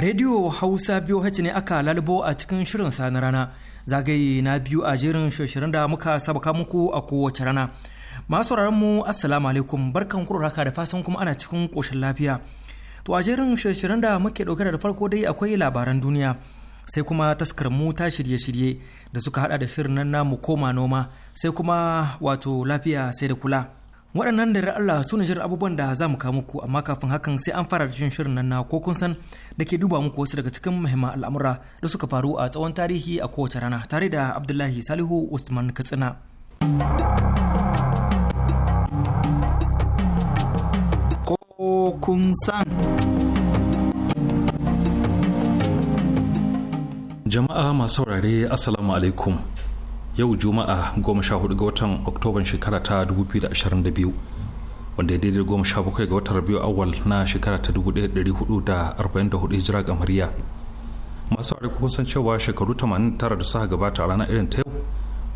rediyo hausa biyu hace ne aka lalubo a cikin shirin sa na rana zagaye na biyu a jerin shirin da muka sabaka muku a kowace rana masu mu assalamu alaikum barkan kuro haka da fasan kuma ana cikin koshin lafiya to a jerin shirin da muke dauke da farko dai akwai labaran duniya sai kuma taskar mu ta shirye-shirye da suka hada da shirin nan namu koma noma sai kuma wato lafiya sai da kula waɗannan da Allah su ne shirin abubuwan da za mu kawo muku amma kafin hakan sai an fara da shirin nan na ko kun san da ke duba muku wasu daga cikin muhimman al'amura da suka faru a tsawon tarihi a kowace rana tare da Abdullahi Salihu Usman Katsina. Ko kun san. Jama'a masu saurare Assalamu alaikum. yau juma'a 14 ga watan oktoban shekara ta 2022 wanda ya daidai 17 ga watan biyu awal na shekara ta 1444 hijira kamariya masu aure kun san cewa shekaru 89 da suka gabata a ranar irin ta yau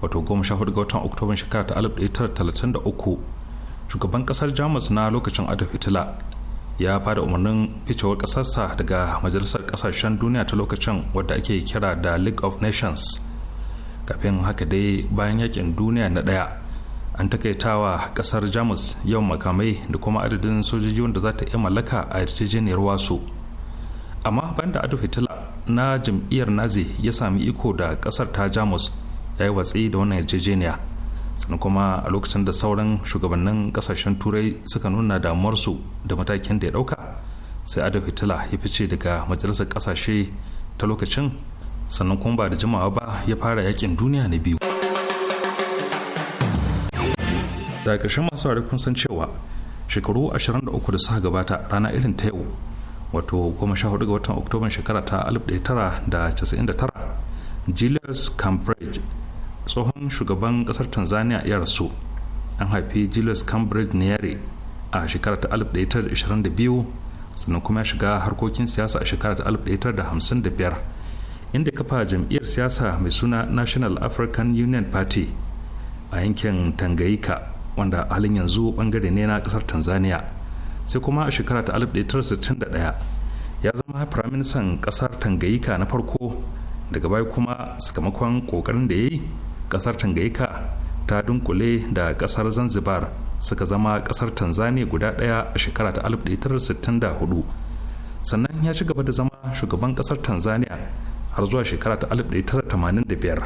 wato 14 ga watan oktoban shekara ta 1933 shugaban kasar jamus na lokacin adolf hitler ya fada umarnin ficewar kasarsa daga majalisar kasashen duniya ta lokacin wadda ake kira da league of nations kafin haka dai bayan yakin duniya na daya an takaitawa kasar jamus yawan makamai da kuma adadin sojoji wanda za ta iya mallaka a yarjejeniyar wasu amma banda adolf hitler na jam'iyyar nazi ya sami iko da kasar ta jamus ya yi watsi da wannan yarjejeniya sannan kuma a lokacin da sauran shugabannin kasashen turai suka nuna damuwarsu da matakin da ya dauka sai adolf hitler ya fice daga majalisar kasashe ta lokacin sannan kuma ba da jimawa ba ya fara yakin duniya na biyu daga ƙarshen masu ware kun san cewa shekaru 23 da suka gabata rana irin ta yau wato 14 ga watan oktoban shekara ta 1999 julius cambridge tsohon shugaban kasar tanzania ya rasu an haifi julius cambridge yare a shekara ta 1922 sannan kuma ya shiga harkokin siyasa a shekara ta 1955 inda kafa jam'iyyar siyasa mai suna national african union party a yankin tangayika wanda halin yanzu bangare ne na kasar tanzania sai kuma a shekara ta 1961 ya zama firaministan kasar tangayika na farko daga baya kuma sakamakon kokarin da ya yi kasar tangayika ta dunkule da kasar zanzibar suka zama kasar tanzania guda daya a shekara ta 1964 sannan ya ci gaba da zama shugaban kasar tanzania har zuwa shekara ta 1985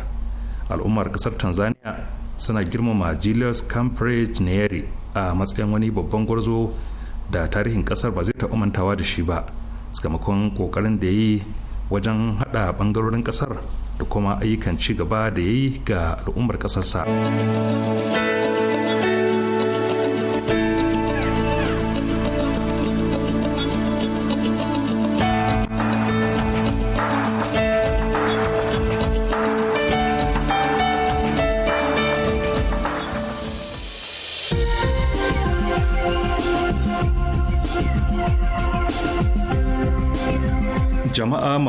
al'ummar kasar tanzania suna girmama julius camprage nyeri a matsayin wani babban gwarzo da tarihin kasar ba zai taɓa mantawa da shi ba sakamakon kokarin da ya yi wajen haɗa ɓangarorin kasar da kuma ayyukan ci gaba da ya yi ga al'ummar ƙasarsa.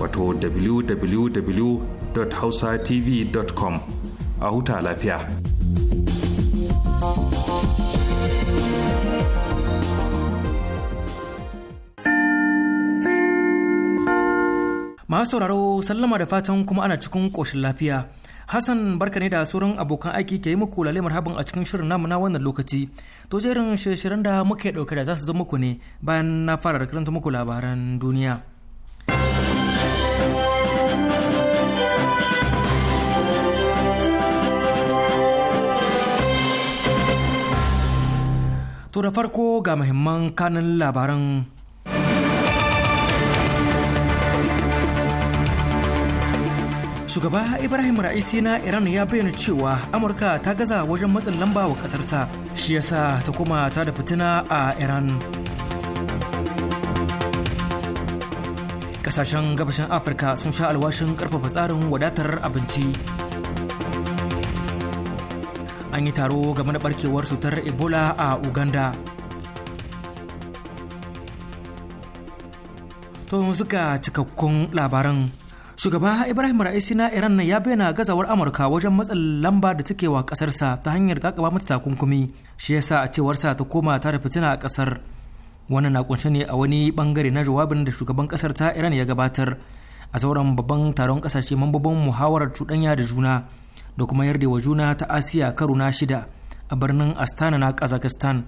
wato www.hausatv.com a huta lafiya. Masu sauraro sallama da fatan kuma ana cikin ƙoshin lafiya. Hassan barka ne da sauran abokan aiki ke yi muku lalemar habin a cikin shirin namu na wannan lokaci. To jerin shirye da muke ɗauke da za su zo muku ne bayan na fara karanta muku labaran duniya. To da farko ga muhimman kanin labaran shugaba ibrahim ra'isi na iran ya bayyana cewa amurka ta gaza wajen matsin lamba wa ƙasarsa shi yasa ta kuma ta da fitina a iran kasashen gabashin afirka sun sha alwashin ƙarfafa tsarin wadatar abinci an yi taro game da barkewar cutar ebola a uganda to suka cikakkun labaran shugaba ibrahim ra'isi na iran ya bayyana gazawar amurka wajen matsin lamba da take wa kasarsa ta hanyar kakaba mata takunkumi shi yasa a cewarsa ta koma ta da fitina a kasar wannan na kunshe ne a wani bangare na jawabin da shugaban kasar ta iran ya gabatar a sauran babban taron kasashe mambobin muhawarar cuɗanya da juna da kuma yarda wa juna ta asiya karo na shida a birnin astana na kazakhstan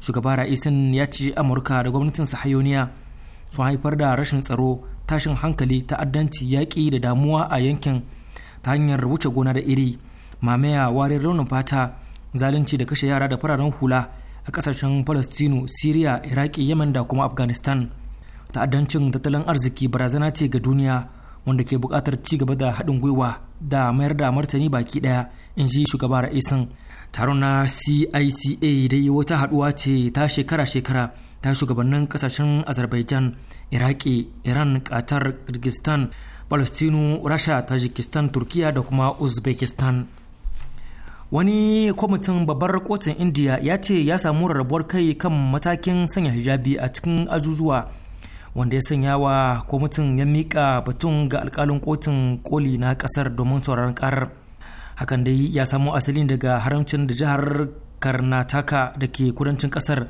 shugaba ra'isin ya ce amurka da gwamnatin sahayoniya sun haifar da rashin tsaro tashin hankali ta'addanci yaƙi da damuwa a yankin ta hanyar wuce gona da iri mamaya warin raunin fata zalunci da kashe yara da fararen hula a kasashen palestino syria iraki yemen da kuma afghanistan ta'addancin tattalin arziki barazana ce ga duniya wanda ke buƙatar ci gaba da haɗin gwiwa da mayar da martani baki daya in ji shugaba ra'isin taron na cica dai wata haduwa ce ta shekara-shekara ta shugabannin kasashen azerbaijan iraki iran qatar kirgistan palestino rasha tajikistan turkiya da kuma uzbekistan wani kwamitin babbar kotun indiya ya ce ya samu rarrabuwar kai kan matakin sanya hijabi a cikin azuzuwa wanda ya sanya wa kwamitin ya miƙa batun ga alkalin kotun koli na kasar domin sauraron karar hakan dai ya samo asalin daga haramcin da jihar karnataka da ke kudancin kasar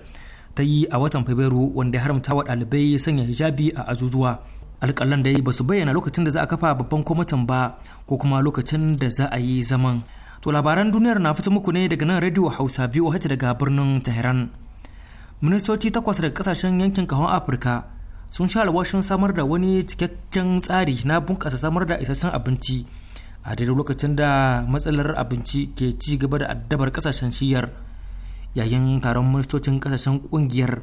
ta yi a watan fabrairu wanda ya haramta wa ɗalibai sanya hijabi a ajujuwa alkalan dai ba su bayyana lokacin da za a kafa babban kwamitin ba ko kuma lokacin da za a yi zaman to labaran duniyar na fito muku ne daga nan radio hausa voh daga birnin tehran ministoci takwas daga kasashen yankin kahon afirka sun sha alwashin samar da wani cikakken tsari na bunƙasa samar da isassun abinci a daidai lokacin da matsalar abinci ke ci gaba da addabar kasashen shiyar yayin taron ministocin kasashen ƙungiyar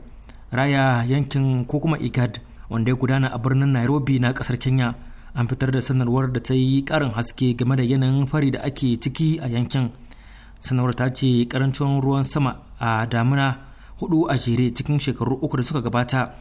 raya yankin ko kuma igad wanda ya gudana a birnin nairobi na kasar kenya an fitar da sanarwar da ta yi ƙarin haske game da yanayin fari da ake ciki a yankin sanarwar ta ce karancin ruwan sama a damina hudu a jere cikin shekaru uku da suka gabata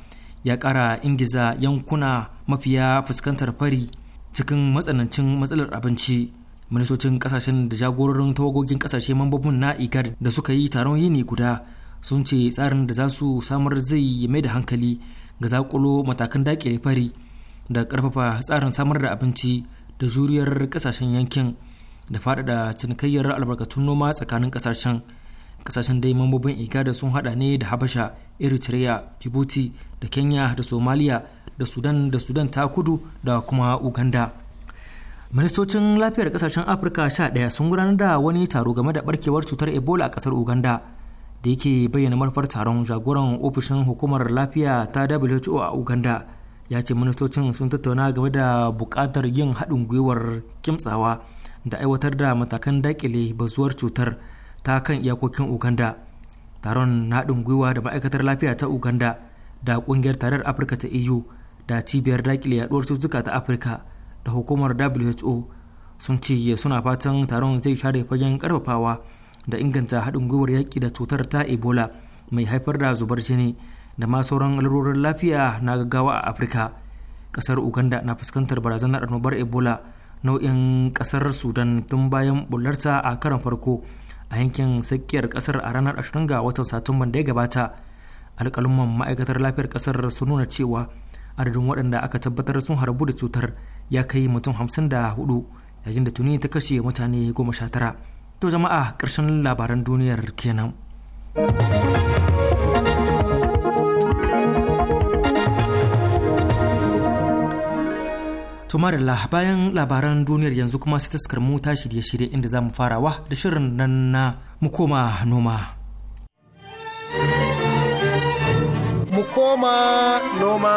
ya ƙara ingiza yankuna mafiya fuskantar fari cikin matsanancin matsalar abinci ministocin kasashen da jagororin tawagogin kasashe mambobin na igar da suka yi taron yini guda sun ce tsarin da za su samar zai mai da hankali ga zakulo matakan dakile fari da ƙarfafa tsarin samar da abinci da juriyar kasashen yankin da faɗaɗa cinikayyar albarkatun noma tsakanin kasashen kasashen dai mambobin igada sun hada ne da habasha eritrea djibouti da kenya da somalia da sudan da sudan ta kudu da kuma uganda ministocin lafiyar kasashen afirka sha ɗaya sun gudanar da wani taro game da barkewar cutar ebola a kasar uganda da yake bayyana manufar taron jagoran ofishin hukumar lafiya ta who a uganda ya ce ministocin sun tattauna game da buƙatar yin haɗin gwiwar kimtsawa da aiwatar da matakan dakile bazuwar cutar ta kan iyakokin uganda taron na haɗin gwiwa da ma'aikatar lafiya ta uganda da ƙungiyar tarar afirka ta eu da cibiyar dakile yaduwar cututtuka ta afirka da hukumar who sun ce suna fatan taron zai share fagen karfafawa da inganta haɗin gwiwar yaƙi da cutar ta ebola mai haifar da zubar jini da ma sauran lalurorin lafiya na gaggawa a afirka ƙasar uganda na fuskantar barazanar annobar ebola nau'in ƙasar sudan tun bayan bullarta a karan farko a yankin tsakiyar kasar a ranar 20 ga watan satumban da ya gabata alkalumman ma'aikatar lafiyar kasar sun nuna cewa adadin waɗanda aka tabbatar sun harbu da cutar ya kai mutum hamsin da hudu yayin da tuni ta kashe mutane goma sha tara to jama'a ƙarshen labaran duniyar kenan. To da bayan labaran duniyar yanzu kuma sai taskar mu ta shirye-shirye inda za mu farawa da shirin nan na mukoma noma. Mu noma.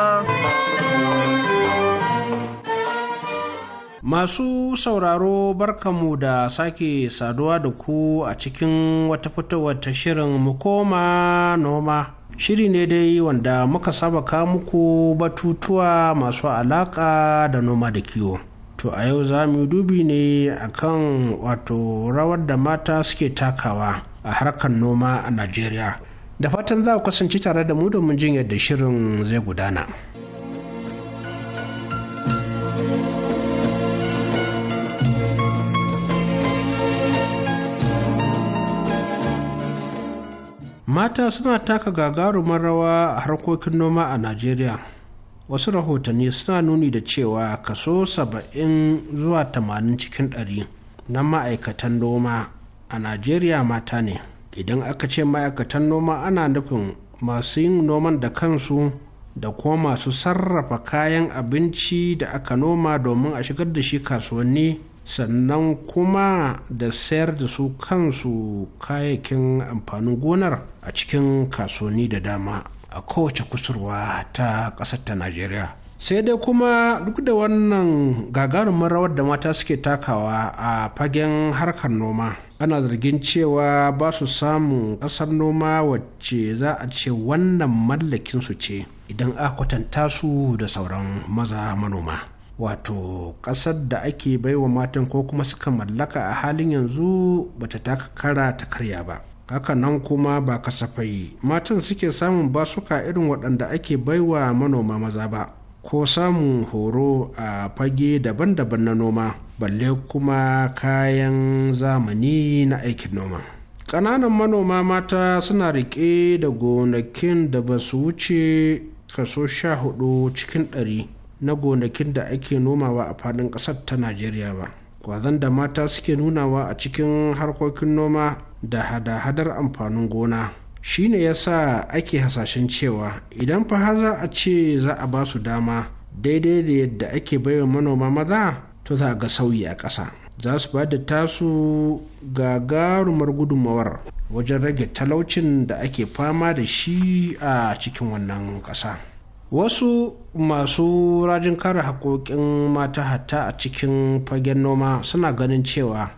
Masu sauraro barkamu da sake saduwa da ku a cikin wata fitowar ta shirin mukoma noma. shiri ne dai wanda muka saba ka muku batutuwa masu alaka da noma da kiwo to a yau za mu dubi ne akan wato rawar da mata suke takawa a harkar noma a najeriya da fatan za ku kasance tare da mu domin jin yadda shirin zai gudana. mata suna taka gagarumar rawa a harkokin noma a najeriya wasu rahotanni suna nuni da cewa kaso 70 zuwa 80 cikin 100 na ma'aikatan noma a najeriya mata ne idan aka ce ma'aikatan noma ana nufin masu yin noman da kansu da kuma masu sarrafa kayan abinci da aka noma domin a shigar da shi kasuwanni sannan kuma da sayar da su kansu kayayyakin amfanin gonar a cikin kasuwanni da dama a kowace kusurwa ta ƙasar ta najeriya sai dai kuma duk da wannan gagarumin rawar da mata suke takawa a fagen harkar noma ana zargin cewa ba su samun ƙasar noma wacce za a ce wannan mallakinsu ce idan aka kwatanta su da sauran maza manoma wato ƙasar da ake baiwa matan ko kuma suka mallaka a halin yanzu bata taka kara ta karya ba nan kuma ba kasafai matan suke samun basuka irin waɗanda ake baiwa manoma maza ba ko samun horo a fage daban-daban na noma balle kuma kayan zamani na aikin noma. ƙananan manoma mata suna riƙe da gonakin da ba su wuce kaso sha hudu cikin ɗari na gonakin da ake nomawa a fadin ƙasar ta najeriya ba kwazon da mata suke nunawa a cikin harkokin noma da hada-hadar amfanin gona Shi ne ya sa ake hasashen cewa idan fa za a ce za a ba su dama daidai da yadda ake baiwa manoma maza to za ga sauyi a ƙasa za su ba da tasu gagarumar gudunmawar wajen rage talaucin da ake fama da shi a cikin wannan ƙasa wasu masu rajin kare haƙoƙin mata hatta a cikin fagen noma suna ganin cewa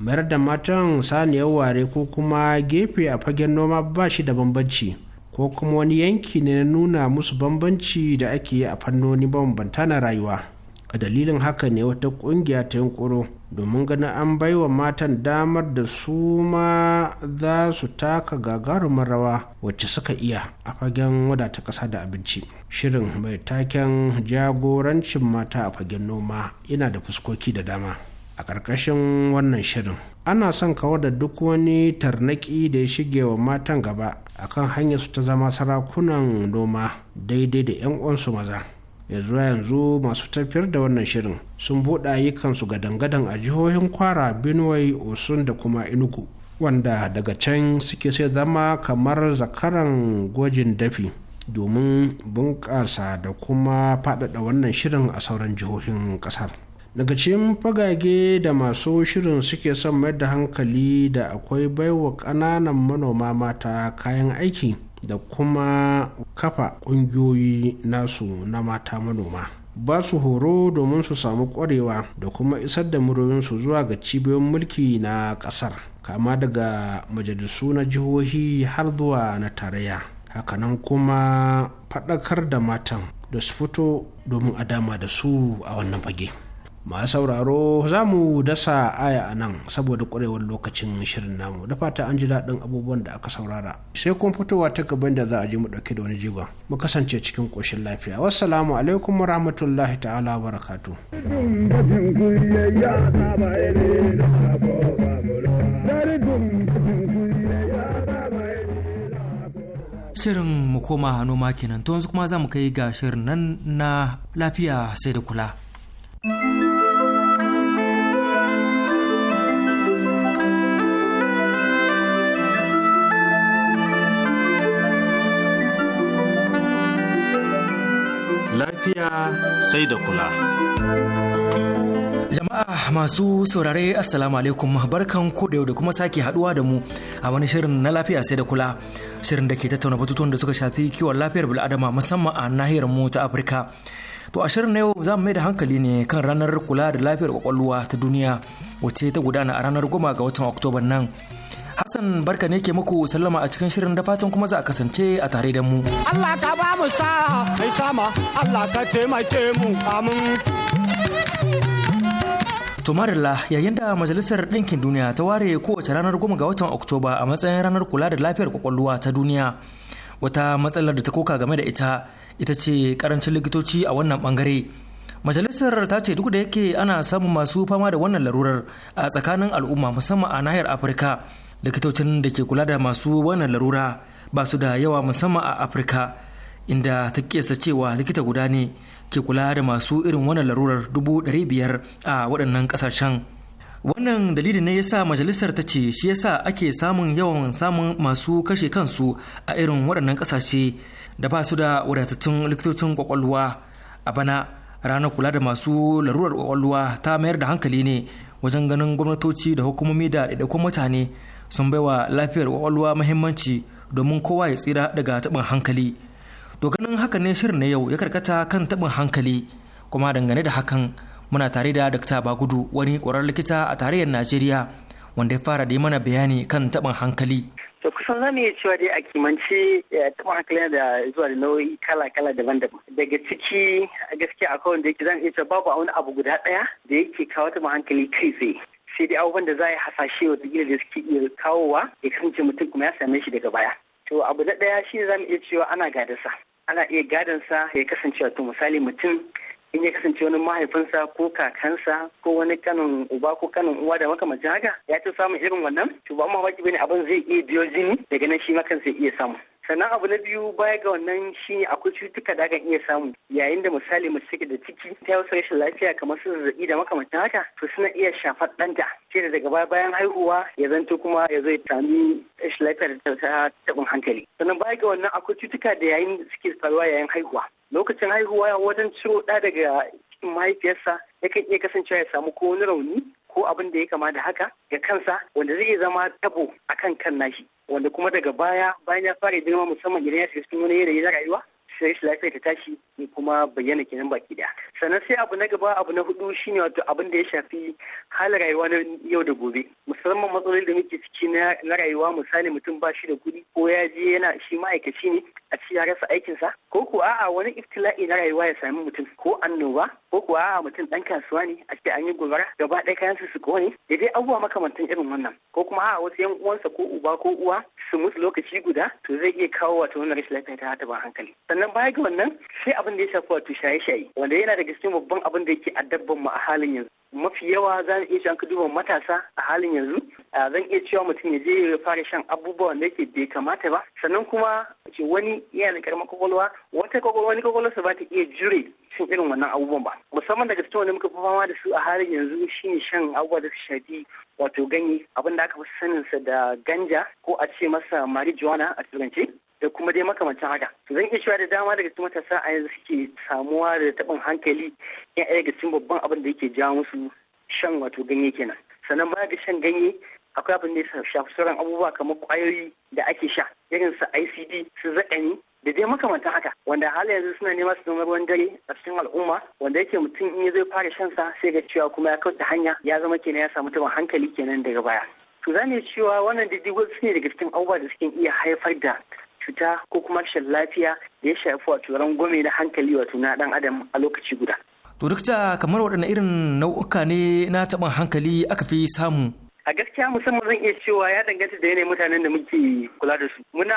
mayar da matan saniyar ware ko kuma gefe a fagen noma ba shi da bambanci ko kuma wani yanki ne na nuna musu bambanci da ake yi a fannoni bambanta na rayuwa a dalilin haka ne wata kungiya ta yunkuro domin ganin an bai wa matan damar da su ma za su taka gagarumin rawa wacce suka iya a fagen wadata ƙasa da abinci shirin mai taken jagorancin mata a fagen noma yana da fuskoki da dama a ƙarƙashin wannan shirin ana son kawar da duk wani tarnaki da ya shige wa matan gaba akan hanyar su ta zama sarakunan noma daidai da 'yan uwansu maza ya zuwa yanzu masu tafiyar da wannan shirin sun buɗe ayyukansu ga dangadan a jihohin kwara benue osun da kuma inugu wanda daga can suke sai zama kamar zakaran gwajin dafi domin bunƙasa da kuma faɗaɗa wannan shirin a sauran jihohin ƙasar daga cikin fagage da masu shirin suke son mayar da hankali da akwai baiwa ƙananan manoma mata kayan aiki da kuma kafa ƙungiyoyi nasu na mata manoma ba su horo domin su samu ƙwarewa da kuma isar da su zuwa ga cibiyoyin mulki na ƙasar kama daga majalisu na jihohi har zuwa na tarayya hakanan kuma faɗakar da matan da su fito domin a dama da su a wannan fage. masu sauraro za mu dasa aya a nan saboda ƙwarewar lokacin shirin namu da fata an ji daɗin abubuwan da aka saurara sai kuma fitowa ta gaban da za a je mu ɗauki da wani jigon mu kasance cikin ƙoshin lafiya wassalamu alaikum rahmatullahi ta'ala barakatu. shirin mu koma hannu kenan to yanzu kuma za mu kai ga shirin nan na lafiya sai da kula. lafiya sai da kula. Jama'a masu saurare Assalamu alaikum barkan ku da yau da kuma sake haduwa da mu a wani shirin na lafiya sai da kula. Shirin da ke tattauna batutuwan da suka shafi kiwon lafiyar bil'adama musamman a nahiyar mu ta Afirka. To a shirin na yau za mu mai da hankali ne kan ranar kula da lafiyar kwakwalwa ta duniya wacce ta gudana a ranar goma ga watan Oktoba nan. Hassan barka ne ke muku sallama a cikin shirin da fatan kuma za a kasance a tare da mu. Allah ka ba mu sa mai sama Allah ka taimake mu amin. Tumarilla yayin da Majalisar Ɗinkin Duniya ta ware kowace ranar goma ga watan Oktoba a matsayin ranar kula da lafiyar kwakwalwa ta duniya. Wata matsalar da ta koka game da ita ita ce karancin likitoci a wannan bangare. Majalisar ta ce duk da yake ana samun masu fama da wannan larurar a tsakanin al'umma musamman a nahiyar Afirka. likitocin da ke kula da masu wannan larura ba su da yawa musamman a afirka inda ta kesa cewa likita guda ne ke kula da masu irin wannan larurar dubu biyar a waɗannan ƙasashen wannan dalili ne yasa majalisar ta ce shi yasa ake samun yawan samun masu kashe kansu a irin waɗannan ƙasashe da ba su da wadatattun likitocin kwakwalwa a bana ranar kula da masu larurar kwakwalwa ta mayar da hankali ne wajen ganin gwamnatoci da hukumomi da ɗaiɗaikun mutane sun baiwa lafiyar kwakwalwa mahimmanci domin kowa ya tsira daga tabin hankali to ganin haka ne shirin na yau ya karkata kan tabin hankali kuma dangane da hakan muna tare da dakta bagudu wani ƙwarar likita a tarayyar najeriya wanda ya fara da yi mana bayani kan tabin hankali to kusan zamu iya cewa dai a kimanci eh, taɓin hankali da zuwa da nau'i kala-kala daban-daban daga ciki a gaskiya akwai wanda yake zan iya cewa babu wani abu guda ɗaya da yake kawo taɓin hankali kai tsaye sai dai abubuwan da za a yi hasashe wata da suke iya kawowa ya kasance mutum kuma ya same shi daga baya to abu na ɗaya shi ne za mu iya cewa ana gadansa ana iya gadansa ya kasance wato misali mutum in ya kasance wani mahaifinsa ko kakansa ko wani kanin uba ko kanin uwa da makamancin haka ya ta samun irin wannan to ba mu baki bane abin zai iya biyo jini daga nan shi ma kansa iya samu sannan abu na biyu baya ga wannan shi akwai cututtuka da akan iya samu yayin da misali mace take da ciki ta yi rashin lafiya kamar su zazzabi da makamantan haka to suna iya shafar ɗanta sai da daga bayan haihuwa ya zanto kuma ya zai tami rashin lafiya da ta taɓin hankali sannan baya ga wannan akwai cututtuka da yayin suke faruwa yayin haihuwa lokacin haihuwa wajen ciro ɗa daga mahaifiyarsa yakan iya kasancewa ya samu ko wani rauni ko abin da ya kama da haka ga kansa wanda zai zama tabo kan kan nashi wanda kuma daga baya bayan ya fara girma musamman idan ya shiga cikin wani yanayi na rayuwa sai shi lafiya ta tashi kuma bayyana kenan baki daya sannan sai abu na gaba abu na hudu shine wato abin da ya shafi hal rayuwa na yau da gobe musamman matsaloli da muke ciki na rayuwa misali mutum ba shi da kudi ko ya je yana shi ma'aikaci ne a ci ya rasa aikinsa ko ko a'a wani iftila'i na rayuwa ya sami mutum ko annoba ko ko a'a mutum dan kasuwa ne a ce an yi gobara gaba ɗaya kayan su su kone da dai abubuwa makamantan irin wannan ko kuma a'a wasu yan uwansa ko uba ko uwa su mutu lokaci guda to zai iya kawo wato wannan rashin lafiya ta ban hankali sannan sannan baya ga wannan sai abin da ya shafi wato shaye-shaye wanda yana daga cikin babban abin da yake addabban mu a halin yanzu mafi yawa za iya cewa duba matasa a halin yanzu zan iya cewa mutum ya je ya fara shan abubuwa da yake bai kamata ba sannan kuma ce wani yana da karamar kwakwalwa wata kwakwalwa wani kwakwalwarsa ba ta iya jure cin irin wannan abubuwan ba musamman daga cikin wanda muka fi fama da su a halin yanzu shine shan abubuwa da su shafi wato ganye abin da aka fi saninsa da ganja ko a ce masa marijuana a turance da kuma dai makamancin haka zan iya cewa da dama daga cikin matasa a yanzu suke samuwa da taɓin hankali yan ɗaya daga cikin babban abin da yake jawo musu shan wato ganye kenan sannan baya ga shan ganye akwai abin da ya shafi sauran abubuwa kamar kwayoyi da ake sha irin su ICD su zaƙani da dai makamantan haka wanda hali yanzu suna nema su zama ruwan dare a cikin al'umma wanda yake mutum in ya zai fara shan sa sai ga cewa kuma ya kauta hanya ya zama kenan ya samu taɓin hankali kenan daga baya to zane cewa wannan diddigo su ne daga cikin abubuwa da suke iya haifar da cuta ko kuma rashin lafiya da ya shafi wato rangwame da hankali wato na dan adam a lokaci guda. To duk kamar waɗanne irin nau'uka ne na taɓin hankali aka fi samu a gaskiya musamman zan iya cewa ya danganta da yanayin mutanen da muke kula da su muna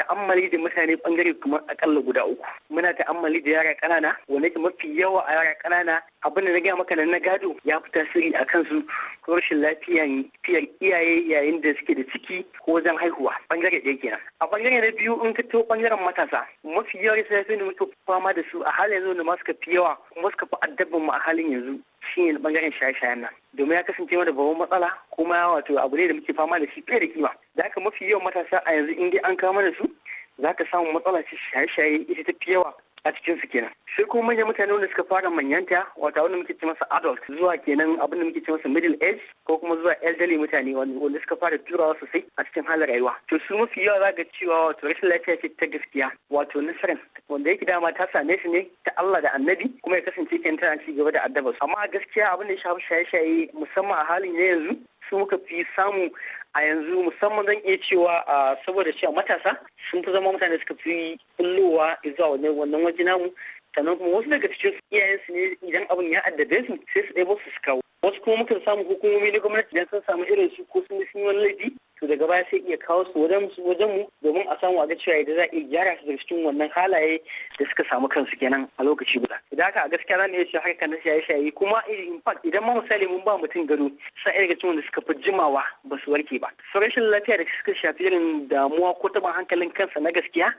ta'ammali da mutane bangare kamar akalla guda uku muna ta'ammali da yara kanana wanda ke mafi yawa a yara kanana abin da na gaya maka na gado ya fi tasiri a kansu ko rashin lafiyan fiyar iyaye yayin da suke da ciki ko wajen haihuwa bangare ɗaya kenan a bangare na biyu in ka to bangaren matasa mafi yawa sai ne muke fama da su a halin yanzu da ma suka fi yawa kuma suka fi addabin mu a halin yanzu ne bangaren shaye-shayen nan domin ya kasance mana babban matsala kuma wato abu ne da muke fama da shi fiye da kima da haka mafi yawan matasa a yanzu in dai an kama da su za ka samu matsala ce shaye-shaye ita ta fi yawa a cikin su kenan sai kuma manyan mutane wanda suka fara manyanta wata wanda muke ce masa adult zuwa kenan abinda muke ce masa middle age ko kuma zuwa elderly mutane wanda suka fara turawa sosai a cikin halin rayuwa to su mafi yawa za ga cewa wato rashin lafiya ce ta gaskiya wato nasarar wanda yake dama ta same su ne ta Allah da annabi kuma ya kasance kenan tana ci gaba da addaba amma gaskiya abin da ya shafi shaye-shaye musamman a halin yanzu su muka fi samu a yanzu musamman zan iya cewa a saboda cewa matasa sun fi zama mutane suka fi kullowa zuwa wannan waje namu sannan kuma wasu daga cikin iyayensu ne idan abin ya addabe su sai su su su kawo wasu kuma mukan samu hukumomi na gwamnati idan sun samu irin su ko sun yi wani laifi to daga baya sai iya kawo su wajen mu domin a samu a cewa idan za a iya gyara su daga cikin wannan halaye da suka samu kansu kenan a lokaci guda idan haka a gaskiya zan iya cewa haka na shaye shaye kuma in fact idan ma misali mun ba mutum gado sa daga cikin wanda suka fi jimawa ba su warke ba su lafiya da suka shafi irin damuwa ko taɓa hankalin kansa na gaskiya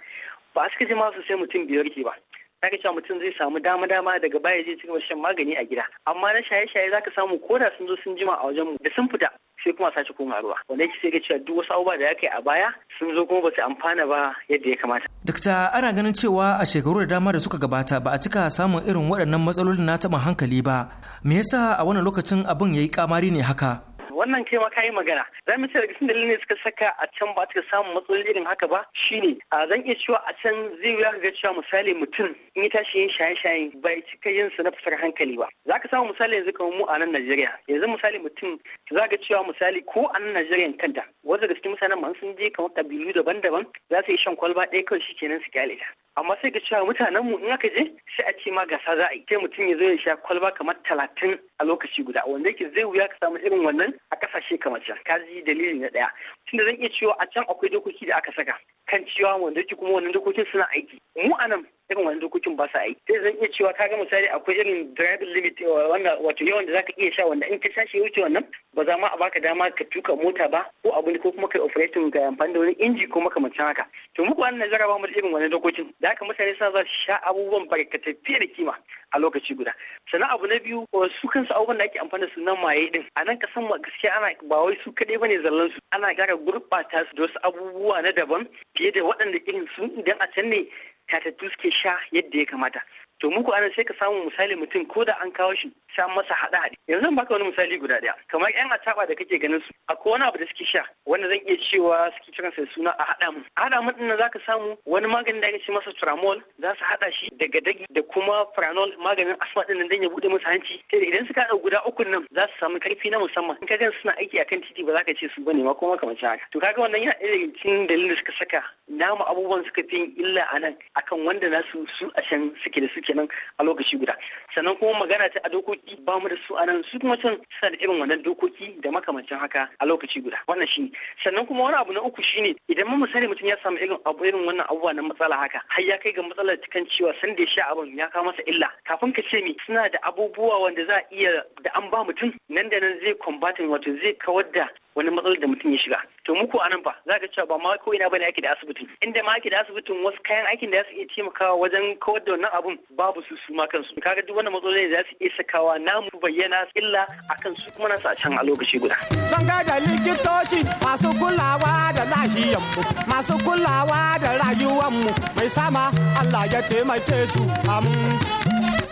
ba suka jima sosai mutum bai warke ba zaka cewa mutum zai samu dama dama daga baya zai cigaba shan magani a gida amma na shaye shaye zaka samu koda sun zo sun jima a wajen mu da sun fita sai kuma sace koma ruwa wanda yake sai ga cewa duk wasu abubuwa da ya kai a baya sun zo kuma ba su amfana ba yadda ya kamata. Dakta ana ganin cewa a shekaru da dama da suka gabata ba a cika samun irin waɗannan matsalolin na taɓa hankali ba me yasa a wannan lokacin abin ya yi ƙamari ne haka. wannan kai ma ka yi magana za mu ce daga cikin dalilin suka saka a can ba suka samu matsaloli irin haka ba shine a zan iya cewa a can zai wuya ga cewa misali mutum in yi tashi yin shaye-shaye bai cika yin su na fasar hankali ba za ka samu misali yanzu kamar mu a nan Najeriya yanzu misali mutum za ga cewa misali ko a nan Najeriya kanta wanda da cikin mutanen man sun je kamar kabilu daban-daban za su yi shan kwalba ɗaya kawai shi kenan su kyale amma sai ga cewa mutanen mu in aka je sai a ce ma gasa za a yi sai mutum ya zo ya sha kwalba kamar talatin a lokaci guda wanda yake zai wuya ka samu irin wannan a kasashe kamar can ka ji dalili na daya tunda zan iya cewa a can akwai dokoki da aka saka kan cewa wanda kuma wannan dokokin suna aiki mu anan irin wani dokokin ba sa yi sai zan iya cewa ka ga misali akwai irin driving limit eh, wanda wato yawan da zaka iya sha wanda in ka shi wuce wannan ba za ma a baka dama ka tuka mota ba ko abin ko kuma kai operating ga amfani da wani inji ko makamancin haka to muku wannan nazara ba mu da irin wani dokokin da haka mutane sa za su sha abubuwan barkatai fiye da kima a lokaci guda sannan abu na biyu su kansu abubuwan da ake amfani da su nan maye din a nan ka ma gaskiya ana ba wai su kaɗai ne zallan su ana gara gurɓata su da wasu abubuwa na daban fiye da waɗanda irin su idan a can ne ta suke sha yadda ya kamata to muku ana sai ka samu misali mutum ko da an kawo shi sha masa haɗa haɗe yanzu zan baka wani misali guda ɗaya kamar yan ataba da kake ganin su akwai wani abu da suke sha wanda zan iya cewa suke kiran sai suna a haɗa mu a haɗa mu din zaka samu wani maganin da ake ce masa tramol za su haɗa shi daga dagi da kuma pranol maganin asma din nan dan ya bude musu hanci sai idan suka haɗa guda uku nan za su samu karfi na musamman in ka gan suna aiki akan titi ba za ka ce su bane ma kuma kamar haka to kaga wannan yana ɗaya daga cikin dalilin da suka saka namu abubuwan suka fi illa a nan akan wanda nasu su a can suke da suke nan a lokaci guda sannan kuma magana ta a dokoki dokoki ba mu da su a nan su kuma can suna da irin wannan dokoki da makamancin haka a lokaci guda wannan shi sannan kuma wani abu na uku shine idan mun sani mutum ya samu irin abu irin wannan abubuwa na matsala haka har ya kai ga matsalar kan cewa san da ya sha abin ya kawo masa illa kafin ka ce mi suna da abubuwa wanda za a iya da an ba mutum nan da nan zai combatin wato zai kawar da wani matsalar da mutum ya shiga to muku a nan fa za ka cewa ba ma ko ina bane ake da asibitin inda ma ake da asibitin wasu kayan aikin da za su iya taimakawa wajen kawar da wannan abun babu su su ma kansu kaga duk wannan matsalolin da za su iya sakawa namu bayyana illa akan su kuma nasu a a lokaci guda. Zan da likitoci masu kulawa da lahiyanmu masu kulawa da rayuwanmu mai sama Allah ya taimake su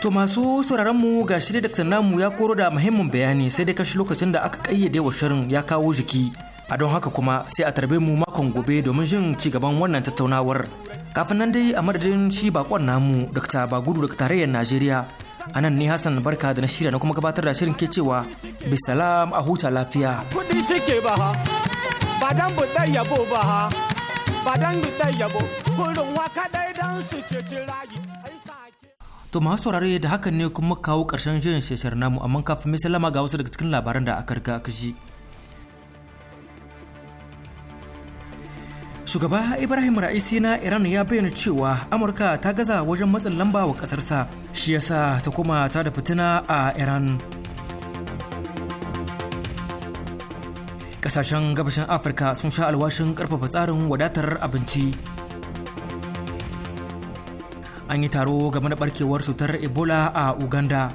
To masu sauraron mu ga shirin Dr. Namu ya koro da muhimmin bayani sai dai kashi lokacin da aka kayyade wa shirin ya kawo jiki. A don haka kuma sai a tarbe mu makon gobe domin jin ci gaban wannan tattaunawar. Kafin nan dai a madadin shi bakon namu Dr. Bagudu daga tarayyar Najeriya anan nan ne hassan barka da na shirya na kuma gabatar da shirin ke cewa bisalam a huta lafiya kuɗi suke ba ha ba dan buɗe yabo ba ha ba dan buɗe yabo kurin waka dai dan su To masu saurare da hakan ne kuma kawo karshen shirin shesher namu amma kafin mai sallama ga wasu daga cikin labaran da aka riga kashi. shugaba ibrahim ra'isi na iran ya bayyana cewa amurka ta gaza wajen matsin lamba wa kasarsa shi yasa ta kuma ta da fitina a iran kasashen gabashin afirka sun sha alwashin karfafa tsarin wadatar abinci an yi taro game da barkewar cutar ebola a uganda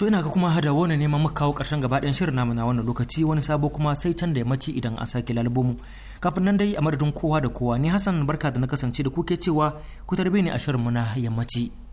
to ina ga kuma hada wani neman muka kawo karshen gaba ɗayan shirin namu na wannan lokaci wani sabo kuma sai can da yammaci idan an sake lalbomu kafin nan dai a madadin kowa da kowa ni Hassan barka da na kasance da kuke cewa ku tarbe ni a shirin mu na yammaci